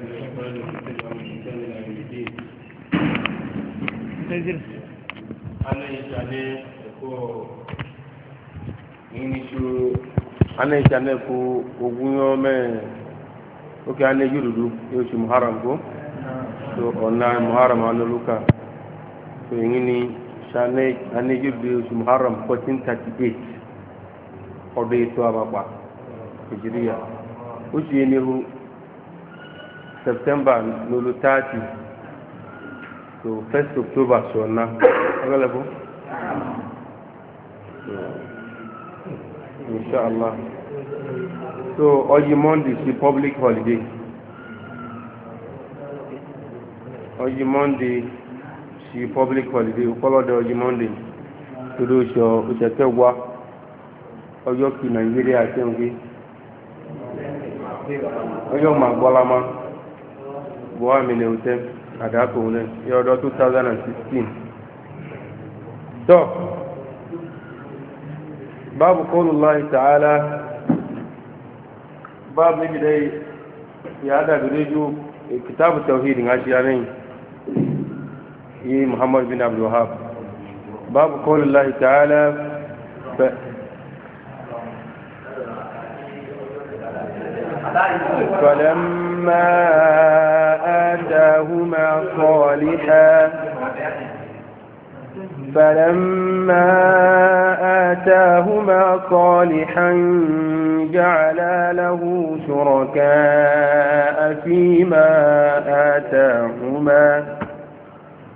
ana ita ne ko ogun yo me oke ane yurudu yo shi muharram ko so ona muharram ana luka so yini shane ane yurudu yo shi muharram 1438 odo ito abapa hijriya o shi ne hu september lolo thirty to first october sọ̀nà ọgọ́lẹ́bù inshallah so ọyí monday sí public holiday ọyí monday sí public holiday ọpọlọdọ ọyí monday torí oṣù òṣèké wa ọjọ́ kí nàìjíríà ṣe ń gbé ọjọ́ màgbọ́lámá bọ́wá mi lè tẹ́ àdákò náà ní ọdọ́ 2016 tọ́ báàbù qawlullahi ta'ala báàbù níbi dai ya dàbí rédíò kìtàbù tawhid ní aṣíyá náà yìí muhammad bin abdul wahab báàbù qawlullahi ta'ala فلما ما آتاهما صالحا فلما آتاهما صالحا جعلا له شركاء فيما آتاهما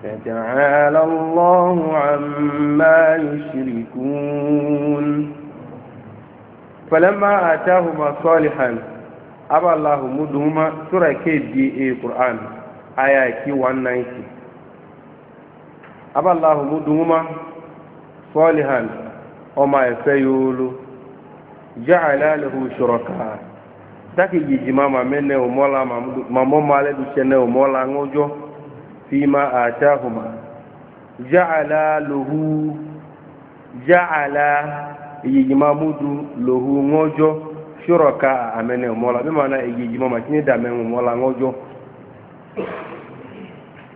فتعالى الله عما يشركون فلما آتاهما صالحا aba allah muduma sura ke di e qur'an aya ki 190 aba allah muduma salihan o ma yasayulu ja'ala lahu shuraka taki yiji ma mene o mola ma mo male du chene o mola ngojo fima atahuma ja'ala lahu ja'ala jijima mudu lahu ngojo shuraka amene mola bi mana e jijima ma tini da men mola ngojo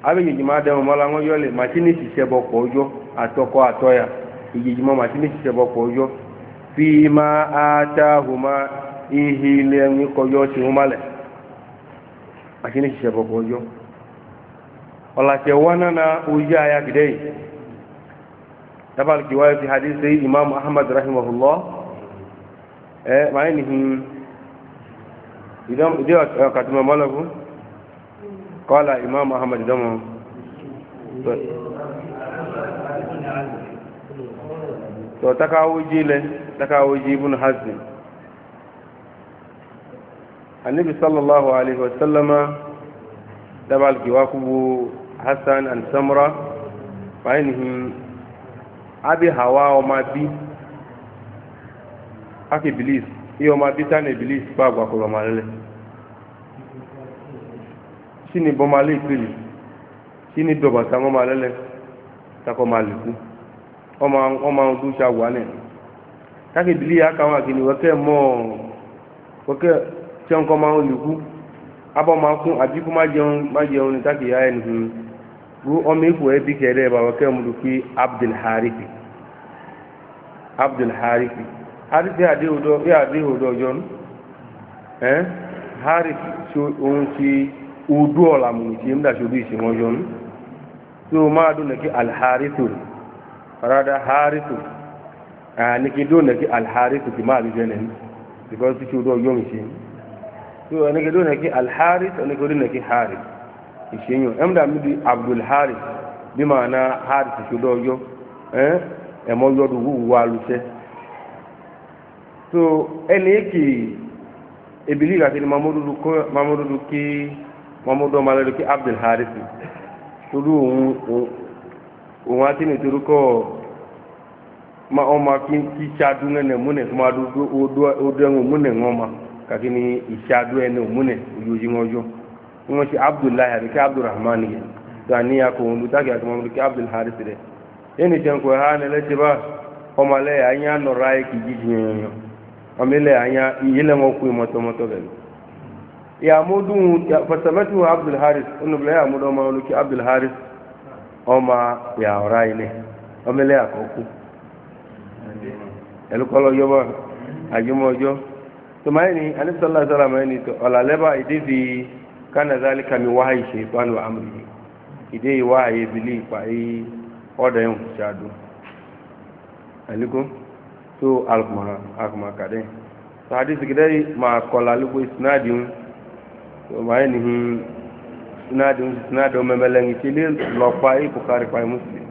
abe jijima da mola ngojo le ma tini ti sebo ojo atoko atoya igijima jijima ma tini ti sebo ojo fi atahuma ihi le ni ko ti umale ma tini ti sebo ko ojo ola ke wana na uja ya gidei tabal kiwayo fi hadisi imam ahmad rahimahullah eh mai ni hin idan idan ka tuma malaku qala imam ahmad damu to takawuji le takawuji ibn hazm annabi sallallahu alaihi wasallama dabal kiwakubu hasan an samra mai ni hin abi hawa o ma bi aka ibilis ihe ọma bita na ibilis ba agwakwụrụ ọmalele chini bọmala ikpeli chini dọbata ọmalele takọmalikwu ọma ọdụcha gwane aka ibili ya aka nwa gini weke mmụọ weke chenkọma olikwu abọmakwu abiku majẹun ni taki ya ẹnu ru ọmọ ikwu ebi kẹrẹ ba weke muluki abdulharifi abdulharifi àríṣẹ́ àdéhùdọ́ bí àdéhùdọ́ ọjọ́ nù ẹ́ harris ohun ti udú ọ̀la mùmí tí ń dàṣọ bí ìṣìn ọjọ́ nù tí o máa dún nàkí alharisu rádá harisu àníkí dún nàkí alharisu kì máa àríṣẹ́ nẹ̀ because tí udú ọjọ́ mi ṣe tí o àníkí dún nàkí alharis àníkí dún nàkí haris ìṣẹ́yìn ẹ̀mdà mi di abdulharis bí màá na haris ìṣòdọ́ ọjọ́ ẹ̀mọ́ yọdún wúwo wa so ẹni èkì ebili gàtí ni mamudu kí mamudu ọmọlẹ́dọ̀ kí abdul harith tolu òun òun àti ní torí kọ́ ma ọma kí kí ṣáájú ẹnẹ múnẹ kí máa dúdú odó ẹwọn múnẹ wọn ma kàkí ni ìṣáájú ẹnẹ múnẹ ojú wọn jọ wọn ṣe abdullahi àti kí abdulrahman yẹn tó àníyàn kò wọn lùtàkì mamudu kí abdul harith rẹ ẹni jẹun kò hàn ẹlẹ́tẹ̀ bá ọmọlẹ́yà ayé ànọ̀rọ̀ ayé kìí jíjìn yẹn yẹn amele anya yele mo ku mo to mo to gani ya mudu ya fasamatu abdul haris unu bla ya mudu ma uluki abdul haris oma ya oraile amele akoku el kolo yoba ajumo jo to maini ali sallallahu alaihi wasallam ni to ala leba ididi kana zalika mi wahi shaytan wa amri idei wahi bili fa yi odayen shadu alikum so alkuma alkuma kade so hadisi gidai ma kola lugu isnadiun so ma ni hin isnadiun isnadu memelengi kile lopa i bukhari pa muslim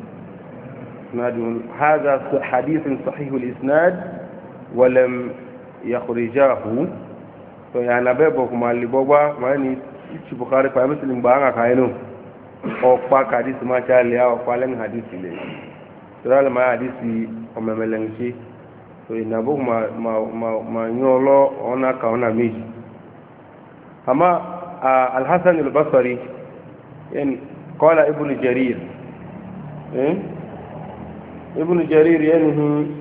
isnadiun hadha hadith sahih al isnad wa lam yakhrijahu so ya na bebo kuma libogwa ma ni ichi bukhari pa muslim ba nga kaino ọ̀pá kàdísì máa ṣáàlẹ̀ ọ̀pá lẹ́yìn àdísì lè tọ́lá lè máa àdísì ọmọ ẹ̀mẹ́lẹ́yìn ṣe so ìnàbó ma yán ọlọ́ ọ̀nà ka ọ̀nà méjì àmá alhassan al-basari kọ́lá ibùn jarir eh? ibùn jarir yẹn ni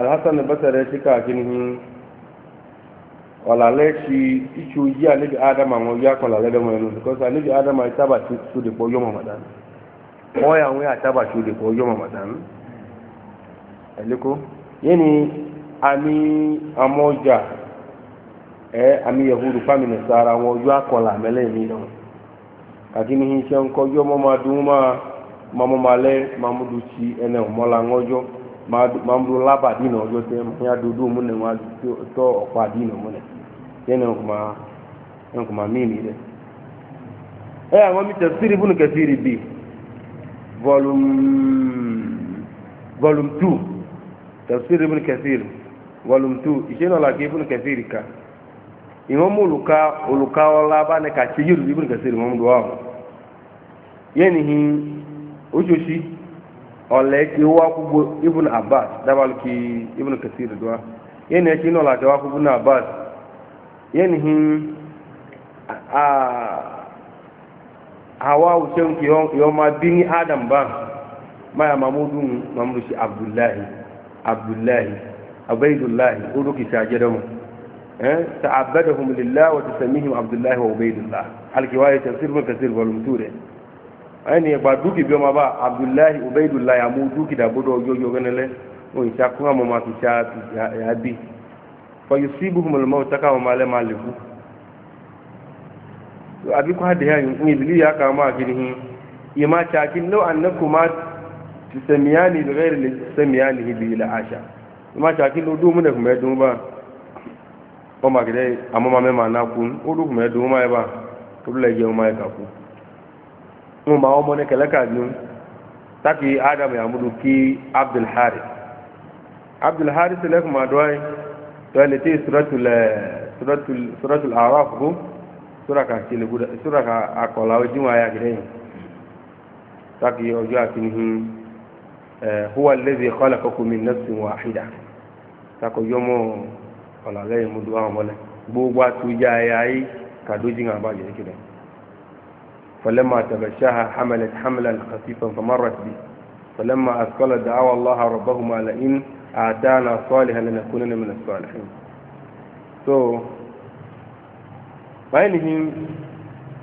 alhassan al-basari ti káàkiri ni ọ̀làlẹ́ ti ìṣù yí àníbi adama wọn yí akọ̀làlẹ́ lọ́mọ ẹnu because àníbi adama ìtàbà ti sódèpọ̀ yọmọ màdánù wọ́n yà wọ́n yà àtàbà sódèpọ̀ yọmọ màdánù ẹ̀lẹ́kọ́ yẹ́nì àmì amọ́jà ẹ̀ àmì yahudu fámìlì sára wọn ojú akọ̀là mẹ́lẹ́ mi náà kàkínní iṣẹ́ ńkọ́jọ́ mọ́ máa dún máa mamu malẹ mamudu mọla ŋɔdzɔ mamudu laba di nɔdzɔ tɛ ya dodo mu tafsir ibn kathir volumtu ìṣẹ́nà làkè ibn kathir ka ìwọ́n mú olùka olùka ọlá bá ní ká ṣe hin oṣooṣi ọ̀lẹ́ kí wá kúgbó abbas dábàlù kí ibn kathir dọ́wọ́ yẹ́nì ẹ̀ ṣẹ́nà làkè wá abbas hin yọ máa ma ní adam bá máa mamudu mamudu sí abdullahi. abdullahi abaidullahi orúkì sí ajẹ́dọ́mọ̀ ta abẹ́dọ̀hùn lílá wà ti sàmíhìn abdullahi wa ubaidullah alkiwaye tafsir mun kasir volume 2 rẹ̀ ẹni ẹgbà dúkì bí ọmọ bá abdullahi ubaidullahi àmú dúkì dàbọ́dọ̀ ọjọ́jọ́ gẹ́nẹ́lẹ́ wọn ìṣà kún àmọ́ máa fi ṣá yà bí fọyọ sí ibùkún mọ̀lẹ́mọ́ ìtaka àwọn ọmọ alẹ́ máa lè kú àbíkú àdéhà yìí ní ìbílí yà kà máa kiri hin ìmá ṣàkí náà تسمياني بغير اللي تسميانه به لعاشا ما شاكل ودو منك ما يدوم با وما كده أما ما مما ناكون ودو ما يدوم ما يبا تقول لي يوم ما يكاكو وما هو منك لك أدنون تاكي آدم يعمل كي عبد الحارث عبد الحارث لك ما دواي تالتي سورة سورة سورة الأعراف هو سورة كاكيل سورة كاكولاوي جمعة يا كده تاكي يوجو أكينهم آه، هو الذي خلقكم من نفس واحدة تاكو يومو ولا غير مدوا ولا بوبا تجاي اي كادوجين ابا كده فلما تبشها حملت حملا خفيفا فمرت به فلما اثقل دعوا الله ربهما لئن اتانا صالحا لنكونن من الصالحين تو so, بينهم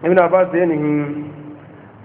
ابن عباس بينهم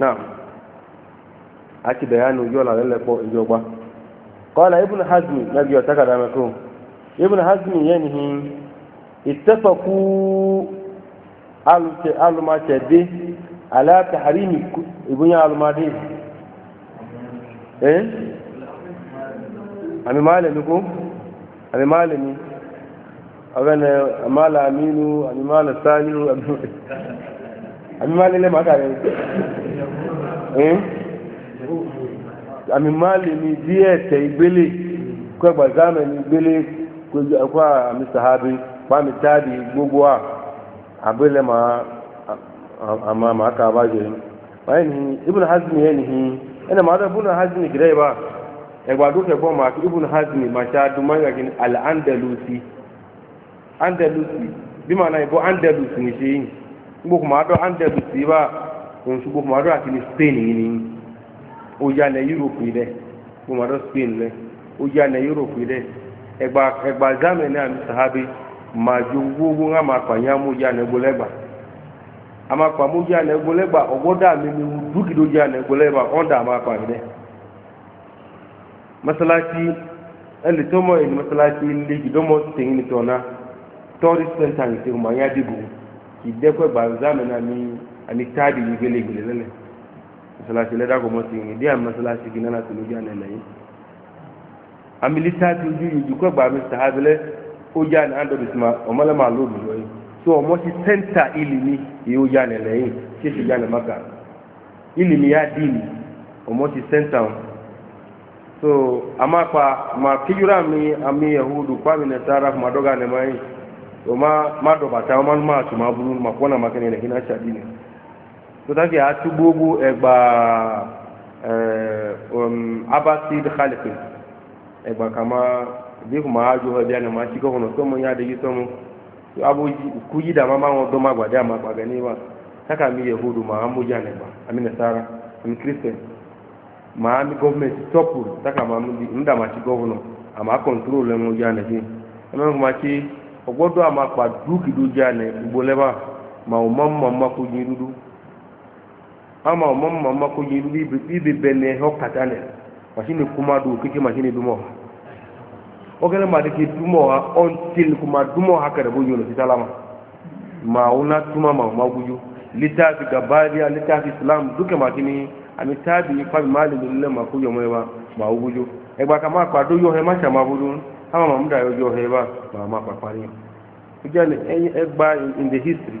نعم أكي بيانو يولا للبو إجوبا قال ابن حزم نبي يتكر أمكم ابن حزم ينهي اتفقوا ألو ما تدي على تحريم ابن ألو ما دي إيه أمي مالكم أمي مالني أغنى أمال أمينو أمي مال سالي أمي مالي لما كان Eh? àmì máàlì ni díẹ̀ tẹ̀ ìgbélé kó ẹgbà zámẹ̀ ni ìgbélé kó àmì sàhábì pàmì táàdì gbogbo à àbẹ́lẹ̀ máa àmà máa kà bá jẹ́ báyìí ni ibùn hazmi yẹn nìyí ẹnna máa dọ̀ ibùn hazmi gírẹ́ bá ẹgbà dókè bọ́ máa kí ibùn hazmi máa ṣáà dùn máa ń òun ṣùgbọ́n bòmọdọ àti ní spain yìí ni ó yálẹ yúròpù yìí dẹ bòmọdọ spain lẹ ó yálẹ yúròpù yìí dẹ ẹgbà ẹgbà zamẹ ní àmì sàhábì màá ju gbogbo ńlá máa pààyàn mú yálẹ gbólẹgbà amakpa mo dzi anɛ gbɔ lɛ gba ɔgbɔdɔ amemi wu duki do dzi anɛ gbɔ lɛ gba ɔnda amakpa masalasi ɛli tɔmɔ yi masalasi leji dɔmɔ teŋi ni tɔna tɔri sɛnta yi teŋu ma nya di bu k'i ani taadi yi gele gele lele masalasi leda ko mo tingi dia masalasi gina na tulu ja ne lei amili taati ju yu ju ko ba mi sahabele o ja ne ando bisma o mala ma lo bi yoyi so o mo si center ilimi yi o ja ne lei si si ja ne maka ilimi ya dini o mo si center so ama kwa ma kijura mi ami yahudu kwa mi nasara madoga ne mai o ma madoba ta o ma ma tuma bulu ma kona makene ne hina sha dini kòtàkì àtúgbògbò ẹgbà eh, um, abasid khalifin ẹgbà kama bí kò máa jọ ẹbí àná máa ṣíkọ́ ọ̀nà tó mọ ní adéyí tó mọ aboyi kú ma dàmá máa wọn dọ́mọ àgbàdé àmọ́ àgbàgbẹ́ níwá sáka mi yẹ ma máa mú yá nẹgbà àmì nàìjíríà àmì ma mi gọ́ọ̀mẹ̀ntì tọ́pù ma ama ọmọ mma mma ko yi ibi bene hɔ kata ne machine kuma do keke machine dumɔ ha o kɛlɛ ma de ke dumɔ ha until kuma dumɔ ha kɛrɛ bo yolo titala ma ma o na ma o ma guju litafi gabaliya litafi islam duke ma kini ami taabi fabi ma le ma ko yɔmɔ ye ba ma o guju ɛgba kama akpa do yɔ hɛ ma sama bolo ama ma mu da yɔ yɔ hɛ ba ma ma kpa kpari ɛgba in the history.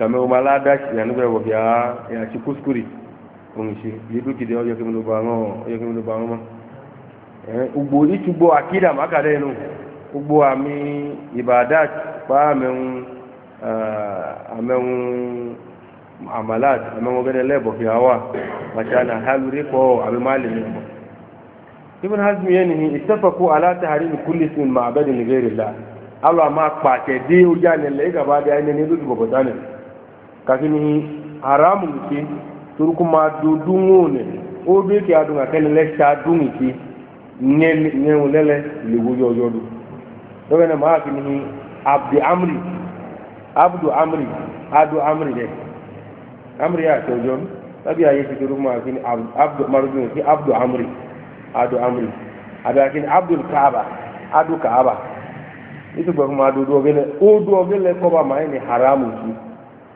kame o ma lada yanu bɛ wɔbi aa yasi kuskuri onisi yedu kide ɔyɔ kemi do baŋɔ ɔyɔ kemi do baŋɔ ma ɛɛ eh, ugbo itsugbo akida maka ɖe nu ugbo ami ibada kpa amɛŋu ɛɛ eh, amɛŋu amalad amɛŋu gɛdɛ lɛ bɔbi awa matsana haluri kɔ abe ma le ne mɔ ibn hazm yɛ nini istafaku ala tahari ni kulli sin ma abɛ de ni la alo ama kpa tɛ de o ya ne lɛ e ka ba de kakini haramu ke turku ma dudungu ne o be ke adunga kene le sha dungi ki nyen nyen lele liwu yo yo du to ne ma kini abdi amri abdu amri adu amri de amri ya to jon tabi ya yesi turku ma kini abdu marju ki abdu amri adu amri ada kini abdul kaaba adu kaaba itu gba ma dudu ogele o du ogele ko ba ma ni haramu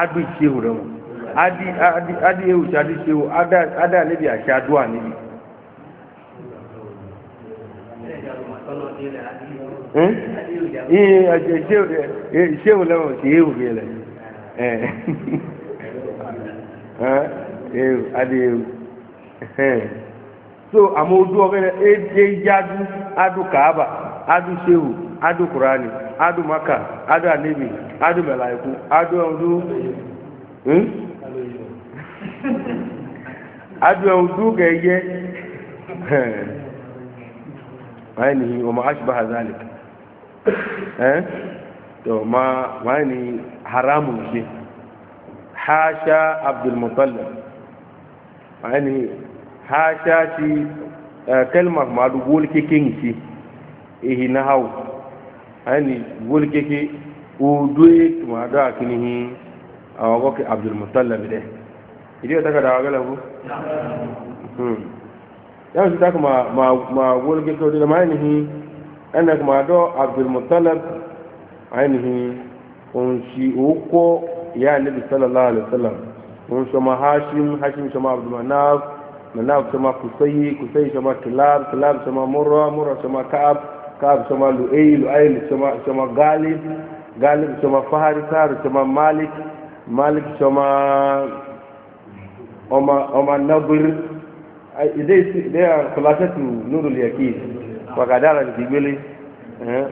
adu ìṣehu rẹ̀ wọn adi adi adi ewu ṣe adi ṣehu ada ada níbi àṣẹ adúà níbi. ìṣehu lẹ́wọ̀n ṣe ewu rẹ̀ lẹ̀ ewu adi ewu so àmọ́ ojú ọ̀rẹ́ ẹ̀ ẹ̀ ẹ̀ e, e, yá adu adu kàába adu sehu adu kurani adu maka adu anabi adu mẹlaiku adu ẹwudu hm? adu ẹwudu kẹyẹ wáyé ni ọmọ ashbah azalik ẹ tó ma wáyé ni haramu ṣe haṣa abdulmutalib wáyé ni haṣa ti kẹlima kuma adu wọlé kékeré ṣe ehi na hau ani wol keke o doye tuma do akini hi awa ko ke abdul mutallab de idio daga da wagala bu hmm yawo sita kuma ma ma wol keke o de ma ni hi ana kuma do abdul mutallab ani hi on shi o ko ya nabi sallallahu alaihi wasallam on shoma hashim hashim shoma abdul manaf manaf shoma kusai kusai shoma kilab kilab shoma murra murra shoma ka'ab kaab soma lu'ayl lu'ayl soma soma galib galib soma fahari sar soma malik malik soma oma oma nabr idai they are khulasatu nurul yaqin wa kadara dibili eh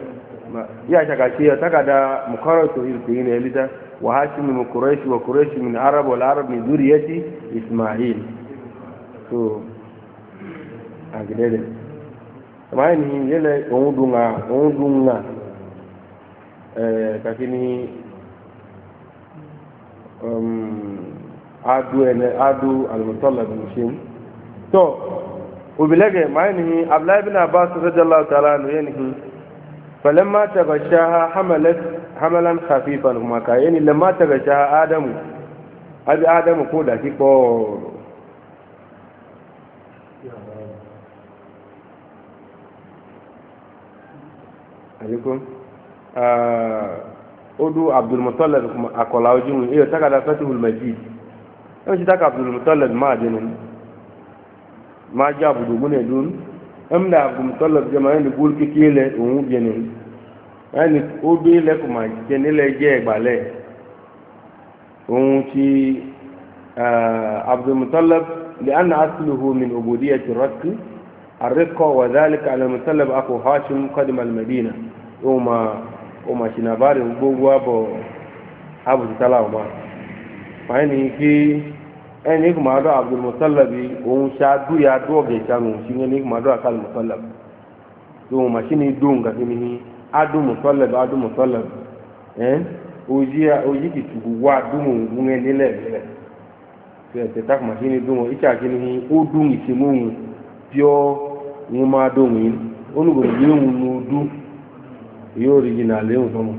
ya shakashia takada mukarratu iltin elita wa hashim min quraish wa quraish min arab wal arab min zuriyati isma'il so agdede maa ni yɛlɛ òun dun ŋa òun dun ŋa ɛɛ kaki ni adu ɛnɛ adu alimusala bi seun tɔ obilɛgɛ maa ni abdulayi bin abbas sɔsɔjala taala nu yɛ nihin falɛma tagashaha hamalɛt hamalan hafifan kumaka yɛni lɛma tagashaha adamu abi adamu k'o daki kpɔɔ. alaikum ah, odu abdulmutalab akɔla ojúmu eyo takada fatihul majid ɛn si taka abdulmutalab maa di nin maa jɛ abudugu ne dun ɛn da abdulmutalab jɛ ma ɛn di bul kiki lɛ òun bi nin ɛn di odu lɛ kuma jɛ ne lɛ jɛ gba òun ti ah, abdulmutalab li ana asluhu min obodiyati rakki. الرقة وذلك على المسلم أخو هاشم قدم المدينة وما وما شنابار وقوة أبو أبو تلاوما فهني كي أني كما دو عبد المسلم ومشادو يا دو بيشانو شيني كما دو أكال المسلم وما شيني دون كتني أدو مسلم أدو مسلم إيه oji oji kìtùkù wá dùnmù ńwé nílẹ̀ nílẹ̀ tí ẹ̀ tẹ̀ tá kùmà sí ni dùnmù ìtsàkínní ó dùn ìsìmóhùn pure ŋun máa dóhun yìí olùgbò yìí ń nu dú rí yìí nàlẹ́ sọmọ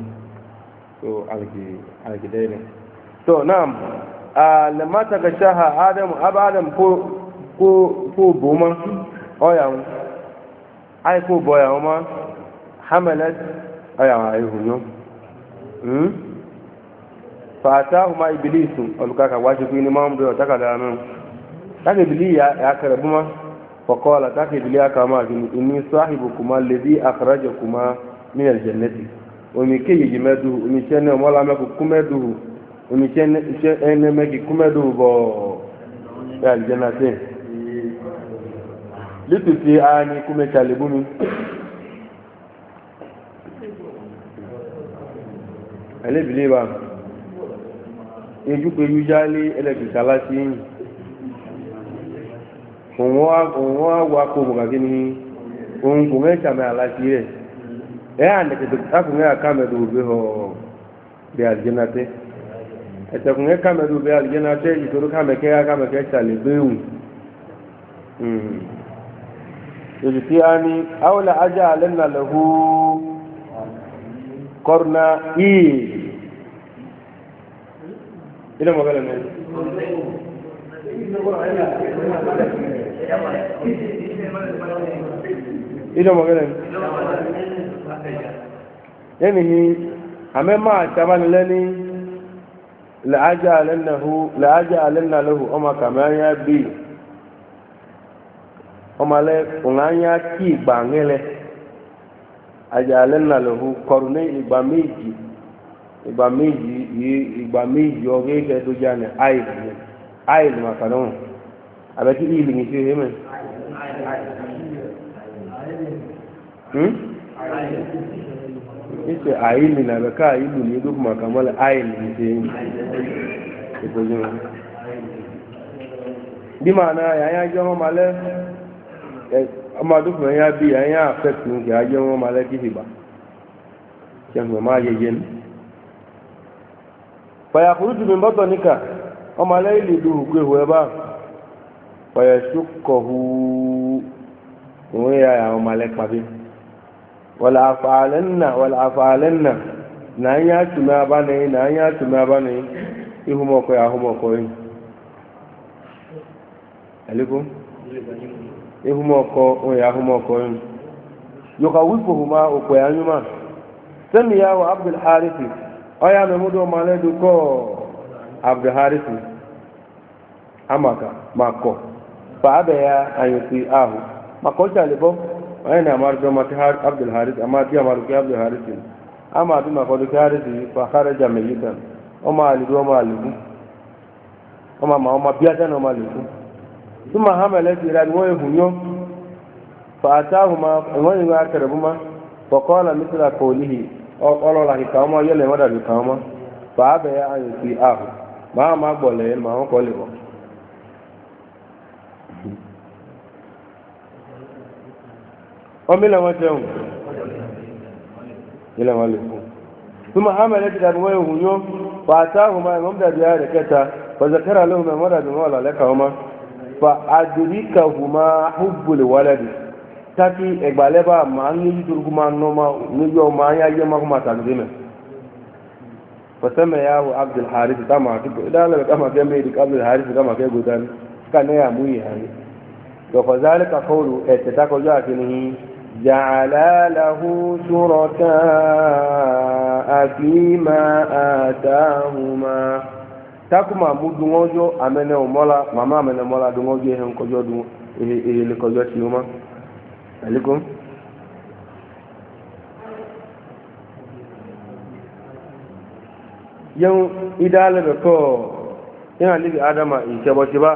so àgìdẹ́ ni. so naam lamata ga adam ab adam ko ko ko boma oya ŋun ma hamalat oya ŋun ayi hunyo. Hmm? ibilisu olùkàkà wájú pé ibili ya فقال تاكد لي كما إني صاحبكما الذي أخرجكما من الجنة ومكي يجمده ومشان ولا مكو كمده ومشان أنا مكي كمده ب الجنة لتسي أني كم تالبوني أنا بليبا يجوك يجالي إلى بسالاتين òun wá wá kó bùkà kí ni òun kò mẹ́ sàmì àlàsí rẹ̀ ẹ̀ àndẹ̀kẹ̀tẹ̀ akùnrin àkàmẹ̀dù òbí họ bí àlìjẹ́nàtẹ́ ẹ̀tẹ̀kùnrin kàmẹ̀dù òbí àlìjẹ́nàtẹ́ ìṣòro kàmẹ̀kẹ́ àkàmẹ̀kẹ́ sàlẹ̀ gbéwù èyí tí a ní àwọlà ajá alẹ́nà lẹ́hu kọ́rùnà ìyè ilé mọ̀gálẹ̀ mẹ́rin ina maganin yanihi a mẹ́mà tabanilẹ́ni la'ájá alẹ́nà lóhù ọmọ kàmẹ́rẹ́ bí ọmọlẹ́ ọ̀nàyà kí ìgbà ńlẹ̀ ajá alẹ́nà lóhù kọrù ní ìgbà méjì ìgbà méjì ọgẹ́ tó àbẹ̀tí ìlì hmm? ní sí ẹ̀mẹ̀ ise àìlì nàbẹ̀ká ìlú ní maka màkàmọ́lẹ̀ àìlì ní sí rẹ̀ bí ma na yàyà jẹ́ wọn malẹ́ ọmọ àdúgbò yẹn bí yàyà àfẹ́kù ní yàyà jẹ́ wọn malẹ́ kí ìgbà jẹ́mọ̀ máa yẹyẹ bọ́tọ̀ níkà ọmọ alẹ́ ìlú kɔyɔ sukɔhu yà àwọn malẹ́kpa bi wala afaalenna wala na anyị y'a tumi abanayi n'an y'a tumi abanayi yà yi aliko ihumɔkɔ òun yà ahumɔkɔ yi yukawifuhuma òkò yà nyuma sẹ́mi yà wọ abdul ọ̀yà mẹ́múdù amaka abe ya ayyuti ahụ. makon talibo wani na marjo mata har abdul haris amma tiya maruki abdul haris amma bi makon da haris fa kharaja o ma alidu o ma na o ma ma o ma biya tan o ma alidu thumma hamala tiran wa yunyo fa ma wa yuwa karabuma fa qala mithla qawlihi o qala la kama yele wada kama fa ma ma ma ko ọmọ ilẹ̀ wọn tẹ̀hùn ilẹ̀ wọn lè fún ثم عملت الأبوية هنيوم فأتاهما الممدى بها لكتا فذكر لهما المرأة بمولى لكهما فأدركهما حب الولد taki ẹgbàlẹ́bà máa ń yíjú tó kúmá nọ́mà níjọ́ máa ń yáyé máa kúmá tàbí mẹ́ fọ́sẹ́mẹ̀ yáwó abdulharis kama kíkọ́ ìdálẹ́bẹ̀ kama kẹ́ mẹ́rin abdulharis kama kẹ́ gòdán ká náà yà mú yìí hàn ní. yọ̀fọ̀ zálẹ́ جعلا له شركاء فيما آتاهما takuma mu dungojo amene umola mama amene mola dungojo tiuma yan ko ina libi adama in ba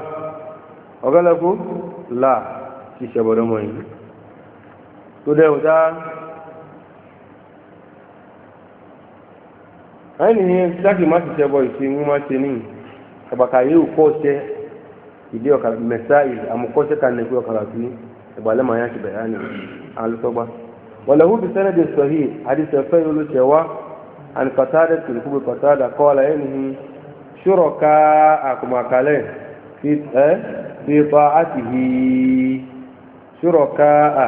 ogalaku la ki tó dẹ̀wò dáa ẹni yẹn dákì má ti tẹ́bọ̀ ìsinmi má ti ní ẹ̀bàkà yìí kọ́ ṣẹ́ ìdí ọ̀kà mẹ́sà yìí àmúkọ́ṣẹ́ kan nẹ̀kú ọ̀kà làbí ẹ̀bàlẹ́ màá yàn ti bẹ̀rẹ̀ ní alùpàgbà wàlẹ́hù bí sẹ́nẹ̀dì sọ̀hí àdìsẹ̀ fẹ́ yóò ló ṣẹ̀ wá àni pàtàdé tìlùkù bí ẹni yìí ṣúrọ̀ ká àkùmàkálẹ̀ fi tọ́ àtìhì ṣúrọ̀ ká à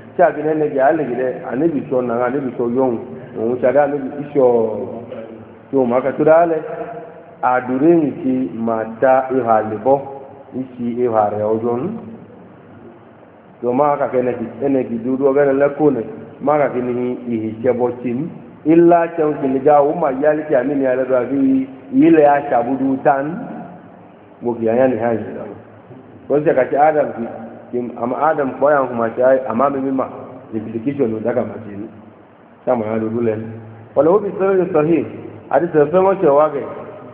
tí a fi nẹ́nẹ́ jẹ́ alẹ́gì dẹ́ anabi sọ nàá anabi sọ yọ̀hún òun ṣe adé anabi sọ yọ̀hún máa kẹ́tọ́ dá alẹ́ àdúrẹ́yìn ti máa ta ihà lẹ́bọ́ ìṣì ihà rẹ̀ ọjọ́ nù yọ̀hún máa kàkẹ́ ẹnẹ́gì dúdú ọgá ẹnẹ́ lẹ́kọ́ nẹ̀ máa kàkẹ́ ní ìhì ṣẹbọ tì mí ilá tẹun kìnnì já o máa yá lẹ́kẹ́ àmì ní alẹ́ dọ́ra fi ilẹ̀ aṣàbùdù tán gbogbo àyàn hàn yìí lọ́wọ́ kin ama adam koyan kuma sai ama mi mimma implication daga majini sama ya dole wala hubi sirri sahih hadith sai mun cewa ga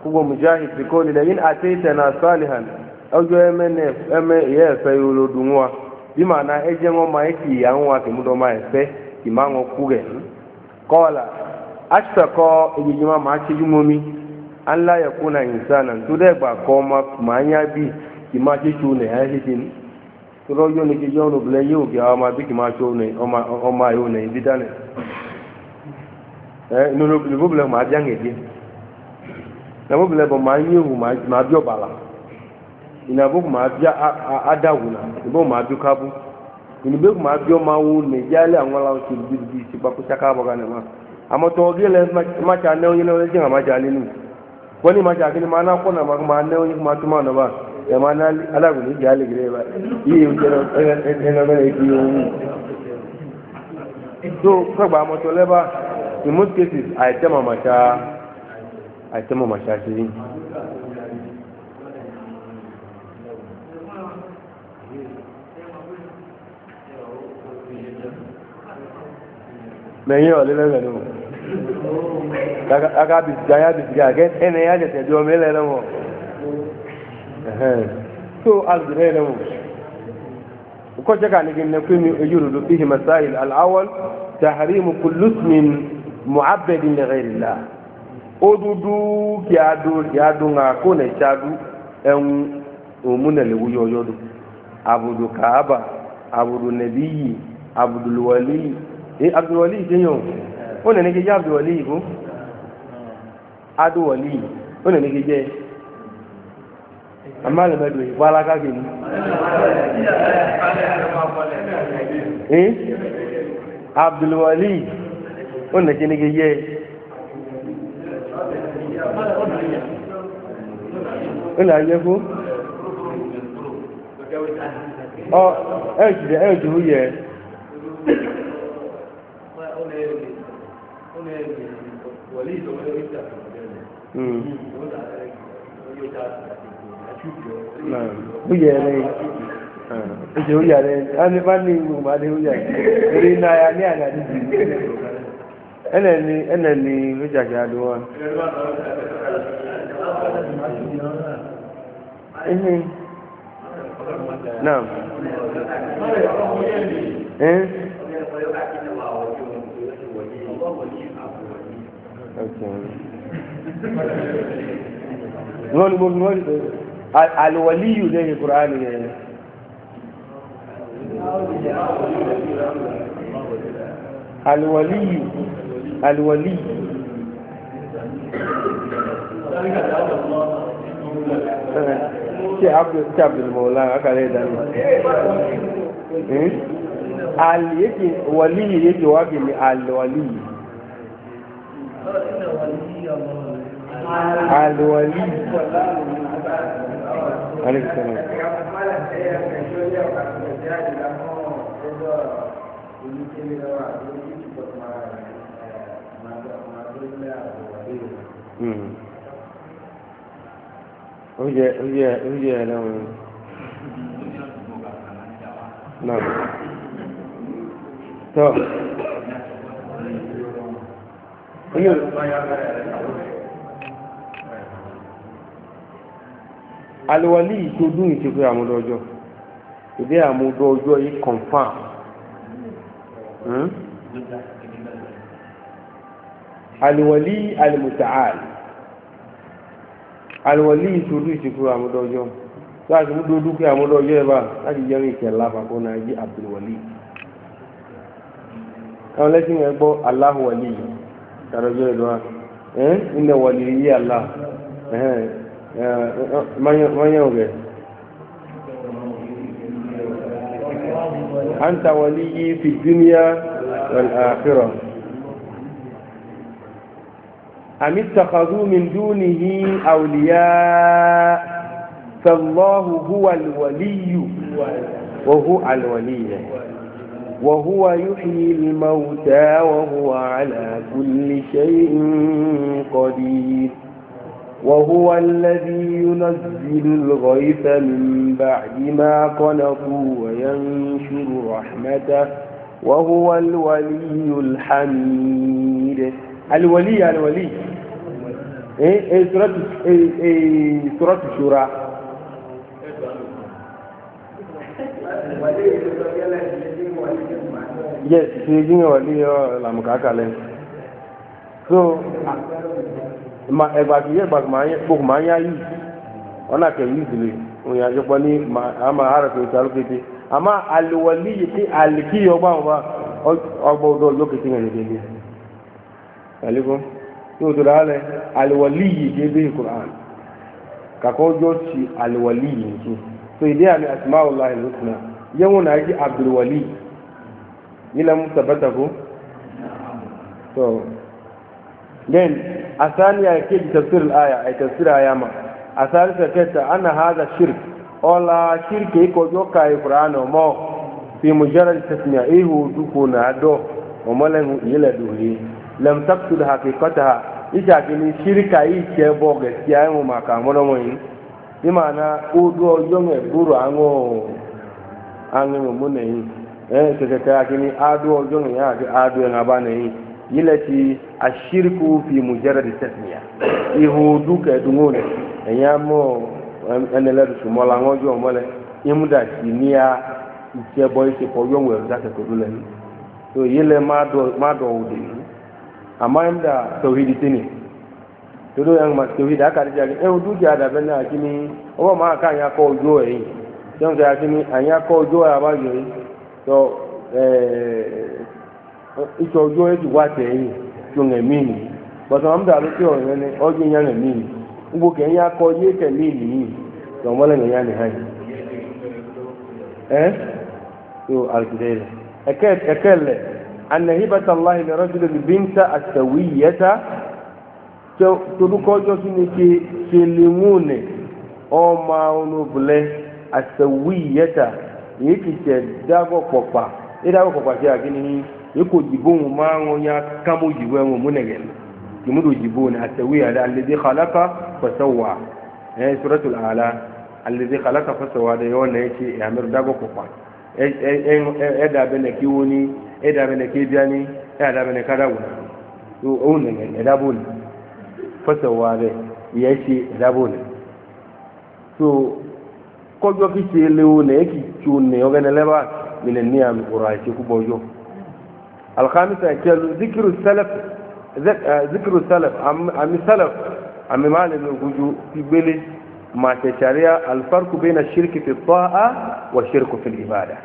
kuma mujahid bi kawli la in ataitana salihan aw jo emene eme ye sayulu dunwa bi mana eje mo ma iki yanwa ke mudo ma ese ki kuge kola ashtako ijijima ma ci jumomi an la yakuna insanan tudegba ba koma, ma nya bi ki ma ci tune ya hidin toro yo ni ke yo no ble yo ke ama bi ki ma cho ne oma oma yo ne bi dane eh no no bo ble ma jange di na bo ble bo ma yi wu ma ma bi obala ina bo ma bi adawu na bo ma bi kabu ni be ma bi o ma wu ne jale àwọn la o ti bi ti ba ko saka bo ga ne ma àmọ́ tó ọgí ilẹ̀ máa ṣe anẹ́wọ́yé lọ́wọ́ lẹ́sìn àmájà nínú wọ́n ní máa ṣe máa náà kọ́nà máa máa túmọ̀ ọ̀nà ẹ̀ma náà alágùnrin ìjà lè gẹ̀rẹ́ bá yíyí ẹ̀nà mẹ́rin kí ohun. so kọ́gbà mọ́tò lẹ́bà in most cases àìtẹ́mọ̀ màṣá àìtẹ́mọ̀ màṣá ṣe yín. mẹ̀yìn ọ̀lẹ́lẹ́rẹ̀ nù. kaka bi jaya bi jaya kẹ́ ẹnìyàn jẹ̀tẹ̀ bí ọmọ ẹlẹ́rẹ̀ wọn so azrelamu ko jaga ni ginna kumi yurudu fihi masail al-awwal tahrim kullu ismin mu'abbad li ghayri Allah odudu ya do ya do nga ko ne chadu en umuna le wuyo yodo abudu kaaba abudu nabiyyi abudul wali e abdul wali jeyo o ne ne ke ya abdul wali ko adu wali o ne ne ke je amma da mai doyi ba laka ke ni eh abdulwali wanda ke nige ye ina yi ko ọ ẹ̀jì ẹ̀jì yẹ Mm. bóyá ẹ̀rẹ́ ìjẹ́ orí ààrẹ ẹni bá ní ìwò máa dé orí ààrẹ eré iná ya ní ààrẹ àdíjì ẹnẹ̀ni ẹnẹ̀ni méjàkì àdúwà ẹ̀hìn náà ẹ̀hìn Okay. Ngọ́n ni mo ń wọ́n ìbẹ̀rẹ̀. alwaliyu ne Qur'ani ne alwaliyu alwali ṣe abdulmọ̀lá akàrẹ ìdánù hmm? waliyu yake wá gẹ̀mí alwaliyu alwaliyu aleykum salaam. ó yẹ ó yẹ ó yẹ lẹ́wọ̀n. náà tọ́. aliwali yìí tó dún yìí ti pé àmúdọ́jọ́ ìdí àmúdọ́jọ́ yìí confam hmm? aliwali alimutaal aliwali yìí tó dún yìí ti pé àmúdọ́jọ́ láti mú dúdú pé àmúdọ́jọ́ yẹn bá láti jẹ́rìí ìkẹlá bàbá náà yí abdulwali àwọn lẹ́sìn yẹn gbọ́ aláwọ̀lì yìí tàbí ẹ̀ ń ilẹ̀ wọ̀lì yìí aláwọ̀ آه، من gari أنت ولي في الدنيا والآخرة أم اتخذوا من دونه أولياء فالله هو الولي وهو الولي وهو يحيي الموتى وهو على كل شيء قدير وهو الذي ينزل الغيث من بعد ما قنطوا وينشر رحمته وهو الولي الحميد الولي الولي ايه ايه سورة ايه ايه سورة الشورى yes, she's doing a little like a So, ma ẹgba ti yẹ gba kò máa ń yá yìí wọn náà kẹ yìí ìdílé òun yà jọpọ ní àmà àràfẹ ìtàlù kété àmà àlùwọlì yìí ti àlìkí ọgbà wọn ọgbà ọdọ ọjọ́ kété yẹn lè dé àlékò ní òtò dáa lẹ àlùwọlì yìí dé bí ìkùrán kàkọ́ ọjọ́ ti àlùwọlì yìí tó ìdí àmì àtìmáwò láì lókùnà yẹ́wọ̀n náà yí àbdùlwọlì yìí lẹ́mú tàbátàkó so then الثانية كيف تفسير الآية أي تفسير أياما الثالثة كيف أن هذا الشرك ولا شرك يكو جوكا القرآن وما في مجرد تسميع إيه دكونا دو وما لن يلدوه لم تقصد حقيقتها إذا كان شرك أي شيء بوغ سيائم وما كان ونموين بمعنى أودو يوم يبورو عنو عنو منين eh tẹtẹtẹ akini adu ọjọ nìyẹn àti adu ẹ̀ ń abá nìyẹn. yila ti ashiriku fi mujarrad tasmiya ihu duka dungone enyamo enele sumo la ngojo mole imuda sinia ije boy se ko yon wer zaka ko dule so yile ma do ma do udi amma imda tauhidi tini to do yang ma tauhidi aka ri jage e udu ja da bena ajini owo ma ka nya ko ojo e jon ga ajini anya ko ojo aba yo so eh ito ojo eji wata eyi to na mini but am da lo ti o yen ni ojo yan na mini ngbo ke yan ko ye ni to mo le ni yan ni han eh yo alkidele ekel ekelle allah binta as-sawiyata to to ko jo kini ki selimune o ma onu bule as-sawiyata yiki ti yoko jibo ŋun maa ŋun ya kamo jibo ŋun mun nɛgɛ jimudu jibo ni asawi ala alizi xalaka fasawa ɛɛ e, suratul ala alizi xalaka fasawa de yɔ na eti amiru dago kɔkɔ ɛ ɛ ɛ ɛ da bɛ na ki woni ɛ e da bɛ na ki biani ɛ e da bɛ na kada wuna o o nɛgɛ ɛ da ni fasawa de yɛ eti ɛ da bo ni so kɔjɔ ki se lewo na eki tso ne ɔgɛnɛ lɛba minɛ الخامسة كل ذكر السلف ذكر السلف عم سلف عم مالك الوجو في بلي ما تشاريا الفرق بين الشرك في الطاعة والشرك في العبادة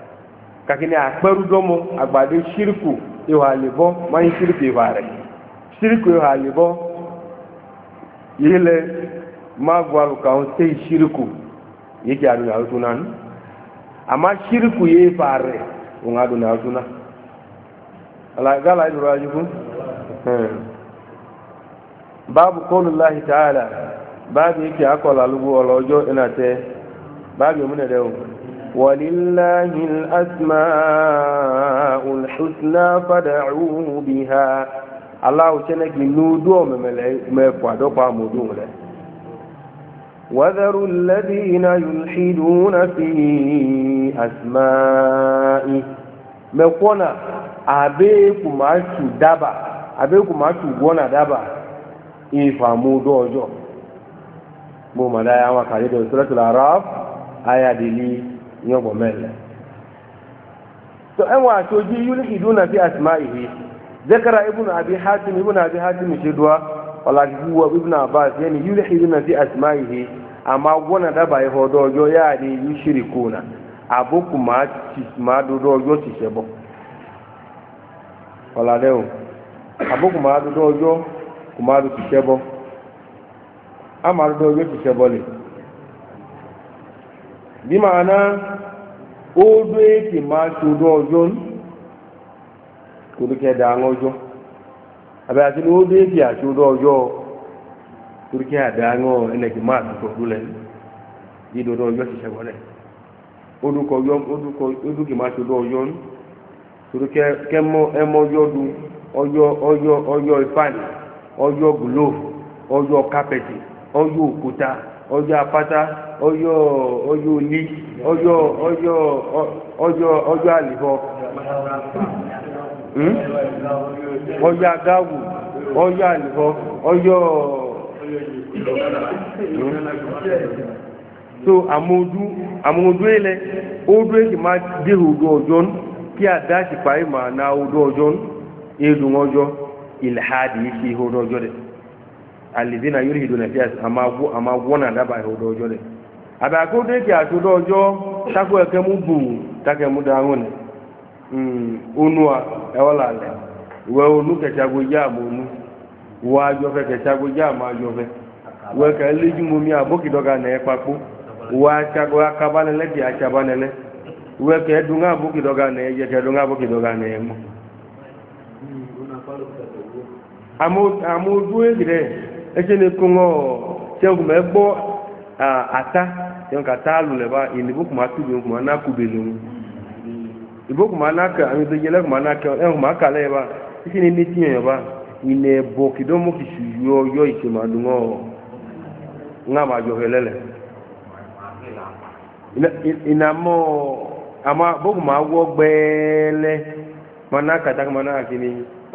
kakini akpẹrù dọmọ agbadé ṣírìkù ìwà àlèbọ máa ń ṣírìkù ìwà rẹ ṣírìkù ìwà àlèbọ yìí lẹ máa gbọ àlùkà ń ṣe ṣírìkù yìí kí àdùnnà àdùnnà àmà ṣírìkù yìí fà rẹ òun àdùnnà àdùnnà. gala inu raju bu babu kolu lahi ta'ala babu yake akwala lugu olojo ina te babu yi muna dawo walillahi al’asma’ul husna fada ruhu biha Allah ce na ginu duwa mai kwado kwa mudu ne wadaru ladina yulhiduna fi asma’i mɛkɔna abe kuma tu daba abe kuma tu gɔna daba ifamu dɔjɔ mo ma da yawa kari do suratul araf aya deli nyɔgbɔ mɛlɛ to ɛn e wa soji yuliki duna fi asma'ihi zakara ibnu abi hatim ibnu abi hatim shi duwa wala huwa ibnu abbas yani yuliki duna fi asma'ihi amma gɔna daba ya e hɔ ya de yushirikuna àbókù máa dodo ọjọ́ ṣiṣẹ́ bọ̀ ọ̀làdẹ́ o àbókù máa dodo ọjọ́ kò máa dodo ṣiṣẹ́ bọ̀ á máa dodo ọjọ́ ṣiṣẹ́ bọ̀ lè bí máa ná ó dó èkè máa ṣodo ọjọ́ kò ní kẹ́ da àwọn ọjọ́ àbẹ̀ àti ní ó dó ọjọ́ kò ní kẹ́ àwọn máa dùn tó dúlẹ̀ ọjọ́ bọ̀ lẹ́yìn. odukọ yọ odukọ oduki ma ṣodo ọyọ nu torí kẹ kẹmọ ẹmọ yọdu ọyọ ọyọ ọyọ ìfàní ọyọ gulóòfù ọyọ kápẹtì ọyọ òkúta ọyọ apáta ọyọ ọyọ olí ọyọ ọyọ ọyọ ọyọ àlìbọ hmm? ọyọ agáwù ọyọ àlìbọ ọyọ. Hmm? so amodu amodu ele odu eki ma de odu ojon ki ada ti pai ma na odu ojon edu ojo ilhadi fi odu ojo de alladhina yulhiduna fi amagu amagona daba odu ojo de aba ko de ki atu odu ojo tako eke mu bu take mu da ngone mm onua e wala le we onu ke chago ya mo nu wa jo fe ke chago ya ma jo fe we ka leju mo mi abokidoga na e papo wa kabane le dia kabane le we ke dunga buki doga ne ye ke dunga buki doga ne mo amu amu duwe gire eje ne kungo se ku me ata yon ka talu le ba ini buku kuma tu buku ma na ku belu ibo ku ma na ka ami de yele ku ma na ka e ku ma ka isi ni ni tiyan ba ine bo kidomo ki su yo yo ike ma dungo nga ma jo helele ìnàmọ́ àmọ́ bókù ma wọ́ ma mana kàtàkì mana àkíní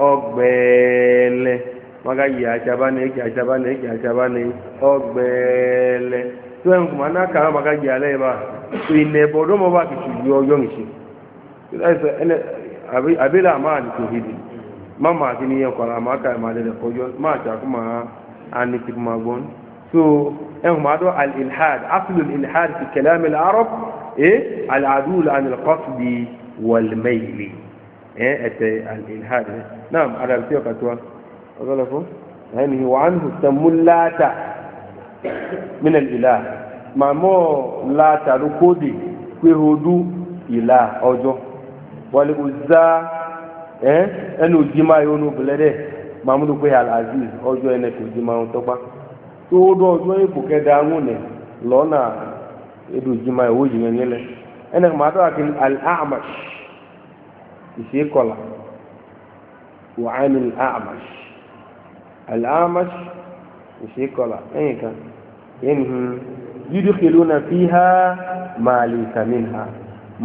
ọgbẹ́ẹ́lẹ́ ma yìí àtsaba ní kì àtsaba ní kì àtsaba ní ọgbẹ́ẹ́lẹ́ tó ẹ̀ ń kùmà náà kàwé maka yìí alẹ́ yìí bá tó ìnẹ̀ bọ̀ ọdún mọ́ bá kìtù yọ ma so ẹ̀hùn máa dọ́ al-ilhad aslu al-ilhad fi kalam al-arab eh al-adul an al-qasdi wal-mayli eh ẹ̀tẹ̀ al-ilhad náà ara ti ọkà tó wa ọgọ́lọ́ fún ẹni wà á ń hùsẹ̀ mú láàtà min al-ilah màá mọ́ láàtà ló kóde pé hodú ìlà ọjọ́ wọlé ọ̀zá eh, ẹni òjì máa yọ ọ́nù bẹ̀lẹ́dẹ̀ màá mú ló al-aziz ọjọ́ ẹni kò jí máa ń tọ́pá. tó dọ́ ọjọ́ ipò kẹta àwọn nẹ lọ́nà edu jima ìwé jìnnà nílẹ̀ ẹnì kan máa tọ́ àti al-amash ìṣe kọlà wà á ní al-amash al-amash ìṣe kọlà ẹnì kan yẹn nìyí yídú kìlú na fi ha màálì ha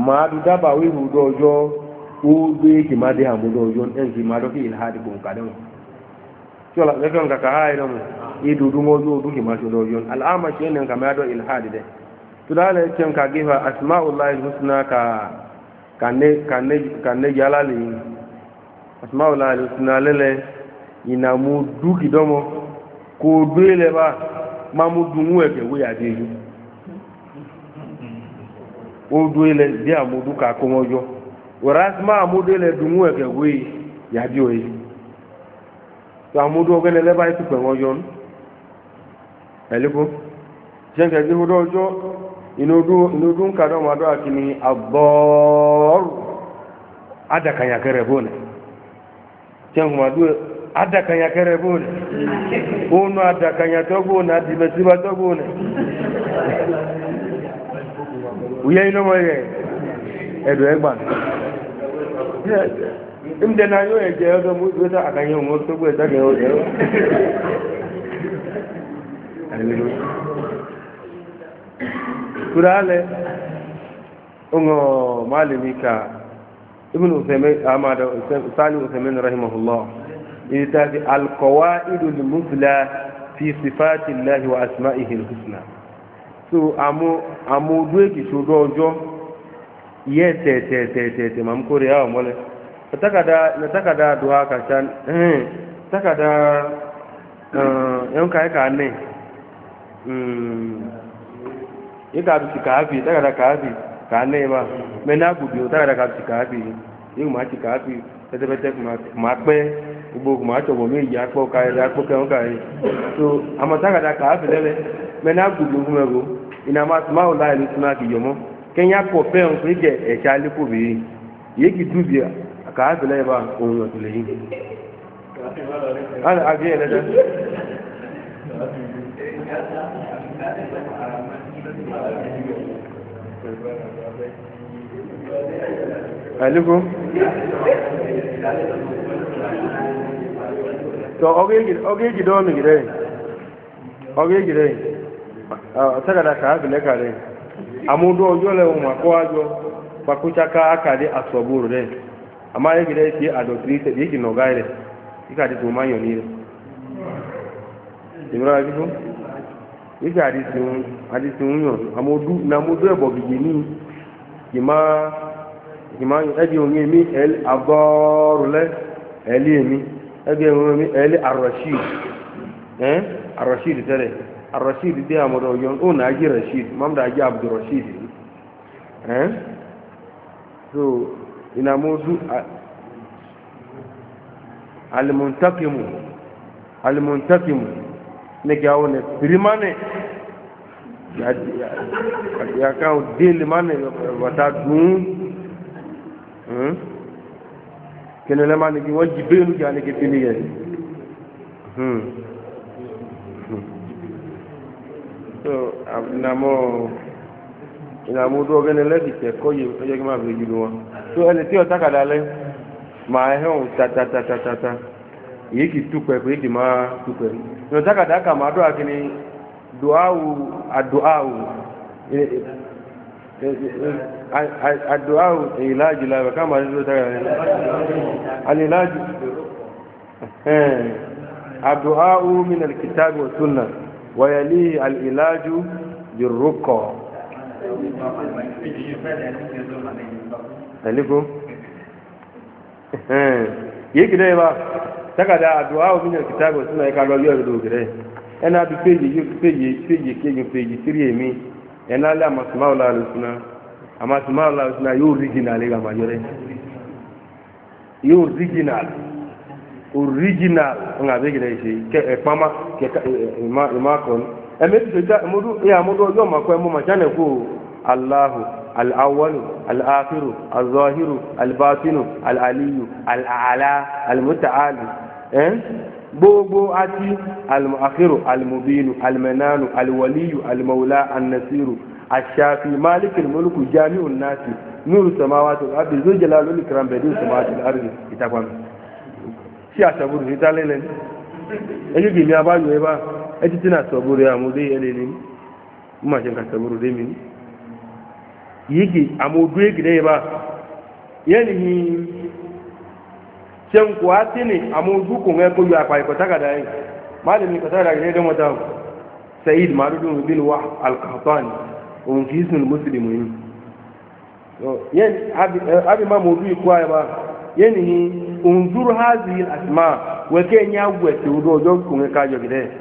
màá dùn dábàá wíwú ọjọ́ ó gbé dé ọjọ́ dìbò nǹkan dẹ́wọ̀n. kyola ne kan ka hayi da mu i dudu mo zo duki ma shi dojon al'ama shi ne ka ma do ilhadi de to da ne kan ka gifa asma'ullahi husna ka kanne kanne kanne jalali asma'ullahi husna lele ina mu duki domo ko dole ba ma mu dunwe ke wuya de ju o dole bi amudu ka ko mojo wara asma amudu le dunwe ke wuya ya bi oyi tó àmúdú ọgbẹ́ni ẹlẹ́bàá yìí tùpẹ̀ wọn yọnu ẹ̀lẹ́kọ́ ṣẹ́ńkẹ́ ọdọ́ ọjọ́ inúdú ń àti ní àbọ̀ọ́rù adàkànyàkẹrẹ bóòlù ṣẹ́ńkẹ́ inda na yóò ẹ̀jẹ̀ ọdọ́ mú ìgbésà àkànyẹ̀ òun tó gbé ìtàgẹ̀ ọdẹ ọ́ kúrálẹ̀ ọmọ malimika ibn usaimin amada sani usaimin rahimahullah ibi ta fi alkọwa idul musula fi sifati lahi wa asma'ihi husna so àmú ojú èkìtì ojú ọjọ́ yẹ na takada duwa ka can eh takada eh, yanka yaka ne yaka hmm, bisi ka hafi takada ka hafi ka ne ma mai na gubi o takada ka bisi ka hafi yi kuma ci ka hafi pẹtẹpẹtẹ kuma pẹ gbogbo kuma tọgbọ mi ìyá pọ ka ẹdá pọ kẹwọn ka so àmọ takada ka hafi lẹlẹ mai na gubi o kuma ina ma tuma o la ìlú tuma kì yọmọ kẹnyà pọ fẹhùn pé kẹ ẹ̀ṣá lẹ́kọ̀ọ́ bèèrè yéèkì dúbìá kàáfì lẹ́yìn bá ohun ọ̀tún lè yí àbí ẹ̀lẹ́dẹ́ àìlúkú tọ ọgọ́ èjì gìrẹ́ ọgọ́ rẹ̀ ọ̀tẹ́gàdà àmúdó ọjọ́ lẹ́wọ̀n rẹ̀ amma ya gida yake adoctrinated yake nogare ika da tuma yau ne ìmúra gígùn yíkà du na àmọ́dú nàmọ́dú ẹ̀bọ̀ gidi ní ìmá ẹbí òun èmi ẹ̀lẹ́ àbọ́rùlẹ́ ẹ̀lẹ́ èmi mi òun èmi ẹ̀lẹ́ àrọ̀ṣìd ẹ̀ àrọ̀ṣìd tẹ́lẹ̀ àrọ̀ṣìd dé àmọ́dọ̀ yọ̀n eh so inamuzu alimuntakimu alimuntakimu neke awone pirimane yakaw deli mane wata dun hmm? kenele mane ki won jibelu ki aneke fini ye hmm. Hmm. so namo ìlànà àmúdó ọgẹ́ni lẹ́dìkẹ́ kọ́ yìí ọjọ́ kí máa fi yìí wọn tó ẹni tí ọ̀tá kàdá lẹ́ máa hẹ́hùn tatatatata èyí kì í túpẹ̀ pé kì máa túpẹ̀ ní ọ̀tá kàdá kà máa dọ́ àkíní dùáwù àdùáwù àdùáwù ìlàjì làwẹ̀ ká máa nílò ọ̀tá kàdá lẹ́ alìlàjì àdùáwù mìnà kìtàbí ọ̀túnà wàyẹ̀lì alìlàjù jùrùkọ̀ọ́ aliko yi gida ba takada adu'a wa minar kitabu suna yi kalo yau da gida yana bi peji yi peji peji kejin peji tiri mi yana la masumawu la alusuna a masumawu la alusuna yi original ga majore yi original original nga bi gida shi ke kpama ke ma kon emetụta ihe amụdụ ọjọọ makwa emụ macha na-ekwu allahu al'awalu al'afiru al'zahiru al'batinu al'aliyu al'ala al'muta'ali gbogbo ati al'afiru al'mubinu al'menanu al'waliyu al'maula al'nasiru الشافي مالك الملك جامع الناس نور السماوات والارض ذو الجلال والاكرام بديع السماوات والارض يتقوم شيا صبور في تالين ايجي مي ابا يبا ẹtí tí náà sọ̀bùrù àmúdé ẹlẹ́ ní mọ́ àṣẹ nǹkan sọ̀bùrù dé mi yìí kì àmúdú èkìdé yìí bá yẹn ni hìn ṣẹ́nkù á tí ni àmúdú kò ń kó yọ àpá ìkọ̀tàkàdá yìí má lè mi ìkọ̀tàkàdá yìí dẹ́gbẹ́ mọ́ta o sayid marudu bin wa alkahtan òun kì í sùn mùsùlùmù yìí yẹn abi má mọ̀dú ikú ayé bá yẹn ni hìn òun dúró házìí àtìmá wẹ́kẹ́ ẹ̀yìn awù ẹ̀sìn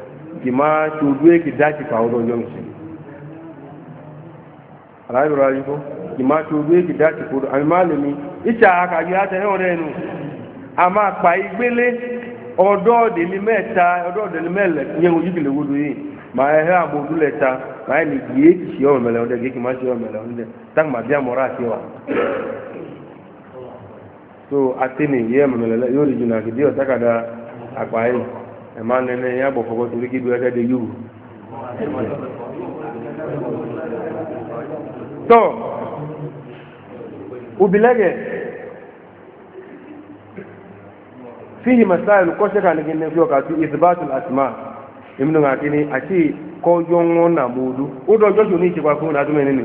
kìmá ṣojú èkì dáṣì pàwọ́ lọ́jọ́ ń ṣe aláìbẹ̀rẹ̀ ayúkọ́ kìmá ṣojú èkì dáṣì pàwọ́ àmì máa lè mi ìṣà àkàgbé àtẹ̀hẹ́wọ̀n rẹ̀ nù a máa pa ìgbélé ọ̀dọ́ òdèlí mẹ́ta ọ̀dọ́ òdèlí mẹ́lẹ̀ yẹn ojú kìlẹ̀ wọ́dọ̀ yìí màá ẹ̀hẹ́ àbójú lẹ́ta màá ẹni kì í ṣe ọ̀rọ̀ mẹ́lẹ̀ ọ̀dẹ́ kì í má so atẹ́ni yẹ́ mẹ́lẹ̀ yóò rí jùlọ àkìdí ẹ̀má nẹ́nẹ́ yẹn bọ̀ fọ́gbọ́ torí kí bí wọ́n ṣẹ́dẹ̀ yóò tọ́ òbílẹ́gẹ̀ fíhì masáìlú kọ́ṣẹ́ kan ní kí ní fi ọkà sí ìsìbátul asma ìmúnú àti ní àti kọjọ́ wọn nà mọ́ọ́dú ó dọ̀ ọjọ́ ní ìṣe pàkó nà túnmẹ̀ nínú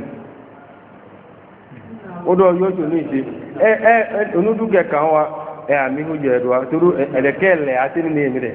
ó dọ̀ ọjọ́ ní ìṣe ẹ ẹ onúdúgẹ̀ kan wa ẹ àmì hùjẹ̀ ẹ̀dùn àtúrú ẹ̀lẹ́kẹ́ ẹ̀lẹ́ àti nínú èmi rẹ̀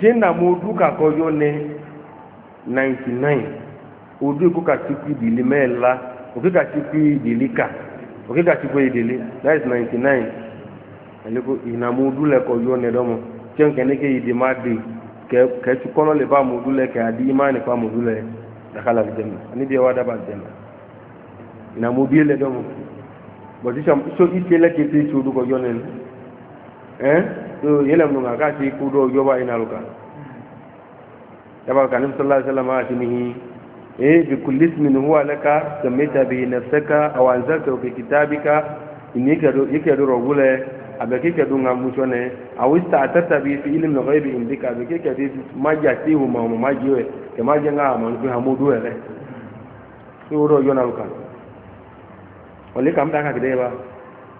ṣe na mo duka kọjọ ní 99 ojú ìkókà tí kú ìdílé mẹ́ẹ̀lá òkíkà tí kú ìdílé kà òkíkà tí kú ìdílé that is 99 àlékò ìnàmú dúlẹ̀ kọjọ ní ẹ̀dọ́mọ̀ tí ó ń kẹ́nẹ́kẹ́ ìdè má dé kẹ́ẹ̀tù kọ́nọ́ lè bá mo dúlẹ̀ kẹ́ àdí má nípa mo dúlẹ̀ dàkálà lè jẹ́nà níbi ẹwà dábà jẹ́nà ìnàmú bí ẹlẹ́dọ́mọ̀ bọ̀dísà so ìṣẹ́lẹ̀ kẹ́ẹ̀tì ìṣòdù kọjọ ní ẹ̀ yele mun ga kati ku do yoba ina luka yaba kanim sallallahu alaihi wasallam atinihi eh bi kulli ismin huwa laka samaita bi nafsaka aw anzalta bi kitabika inika do yake do rogule abeke ke dunga mushone aw ista'tata bi fi ilmi al-ghaib indika abeke ke bi maja ti hu ma ma jiwe ke maja nga ma nku hamudu ele so ro yona luka wale kam ta ka kideba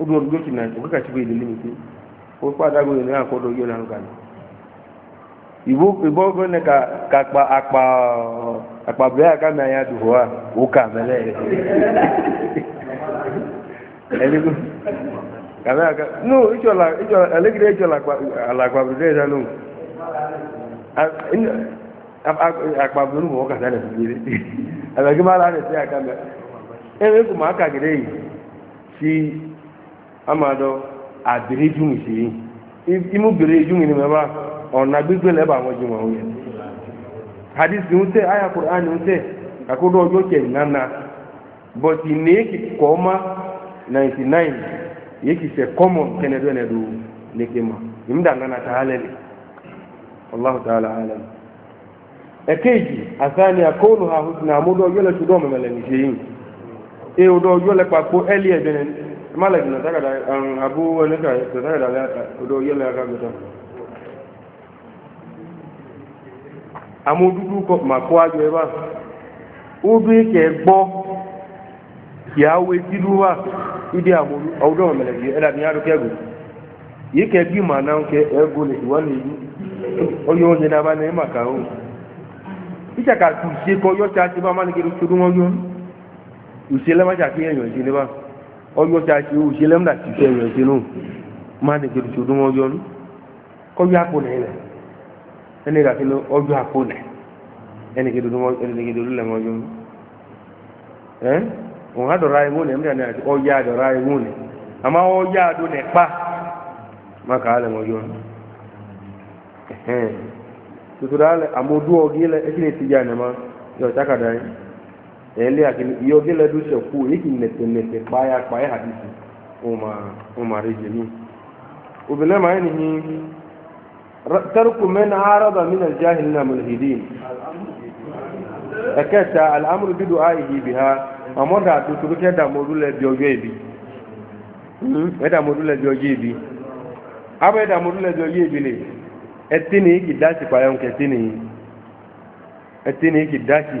obi ogigo ti na oke kachi bụ ilili mike okpe adago ne ya akwado oge na nkani igbo ogo ne ka akpa akpa akpa bụya aka na ya duho a ụka mele no ichola ichola elegide ichola ala akpa bụ akpabio ezanụ akpa bụ n'ụmụ ọka na aka mbe enwe kuma aka ama dɔ abiri dun si imu bere dun ni mɛ ba ɔna gbigbe lɛ ba ŋɔdzi wɔn yɛ hadisi ŋutɛ aya kur'ani ŋutɛ kako dɔ yɔ kɛ nana bɔti ne yeki kɔma ninety nine yeki sɛ kɔmɔn kɛnɛ dɔ nɛ do neke ma imu nana ta alɛ ni allahu ta'ala alɛ ɛkeji asani akɔnu ha husna amu dɔ yɔ lɛ tu dɔ mɛmɛ lɛ nise yi eyo dɔ yɔ lɛ kpakpo ɛliɛ malaki na takada ya ta amu dudu ko ma ba ubi ke gbo ya we didu wa ide amu awdo malaki ela ni aro kego yi ke bi ma na nke ego eh, le wani yi oyo ni na ba ni ma ka o ija ka ku se ko yo ta ti ba ma ni ke mo yo ma ja ki ọjọ́ tí a ṣe òṣè lẹ́mdà ti fẹ́ rẹ̀ ṣe náà máa ní kìrìtì ọdún ọjọ́ ní kọjú àpò nà ilẹ̀ ẹni ìgbà kìlọ ọjọ́ àpò nà ẹni kìrìtì ọdún lẹ́mọ ọjọ́ ní. ẹ òun àdọ̀rà ewu nà ẹ̀mdà ní àti ọjà àdọ̀rà ewu nà àmọ́ ọjà àdó nà pa má kà á lẹ́mọ ọjọ́ ní. tuntun dáa lẹ àmọ́ ojú ọgí lẹ ẹ ele akini iyo gele du se ku iki nete nete baya baya hadisi uma uma rejemi ubile ma yani hi tarku man arada min al jahilina mulhidin akata al amru bi du'aihi biha amonda tuturuke da module bi ojo ebi ẹ̀dà module bi ojo ebi aba ẹ̀dà module bi ojo ebi le ẹtini iki dasi payonke ẹtini ẹtini iki dasi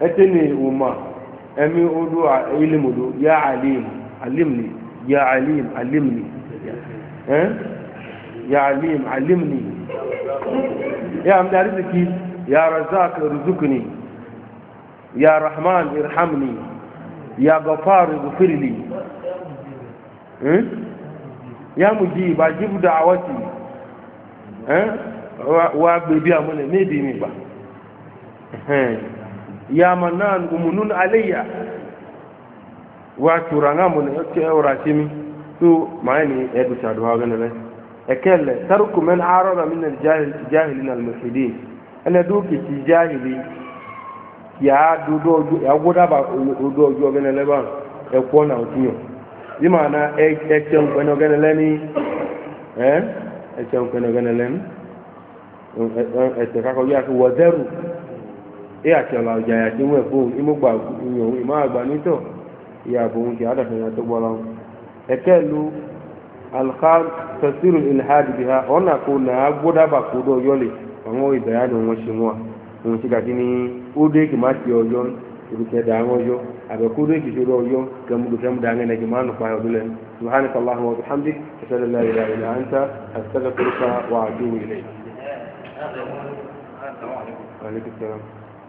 etini umma emi udu a ilimu du ya alim alimni ya alim alimni eh ya alim alimni ya amda riziki ya razak rizukni ya rahman irhamni ya gafar ghfirli eh ya mujib ajib da'wati eh wa gbe bi amune ne bi mi ba eh ya manan umunun alayya wa turanga mun ke ora simi to maani e du sadu ha gane le ekelle tarku man arada min al jahil jahilin al mufsidin ana du ki ti jahili ya du do ya goda ba du do jo gane le ba e ko na otinyo bi maana e e chen ko no gane le ni eh e chen ko no gane le ni e te ka ko ya ko wazaru e àtsọ̀là ọ̀jà àti mú ẹ̀fọ́ ìmúgbà ìyòwò ìmọ̀ àgbà nítọ̀ ìyàbò oúnjẹ adàfẹ́yà tó gbọ́ lọ́wọ́ ẹ̀kẹ́ lu alkham tasiru ilhad biha ọ̀nà kò nà á gbódàbà kó dọ̀ yọlẹ̀ àwọn ìbẹ̀rẹ̀ àdùn wọn ṣe wọn òun ti kàkí ni ó dé kì má ti ọjọ́ ìbùkẹ́ dà wọn yọ àbẹ̀kú dé kì sódò ọjọ́ kẹmúdù kẹmú dà má ọdún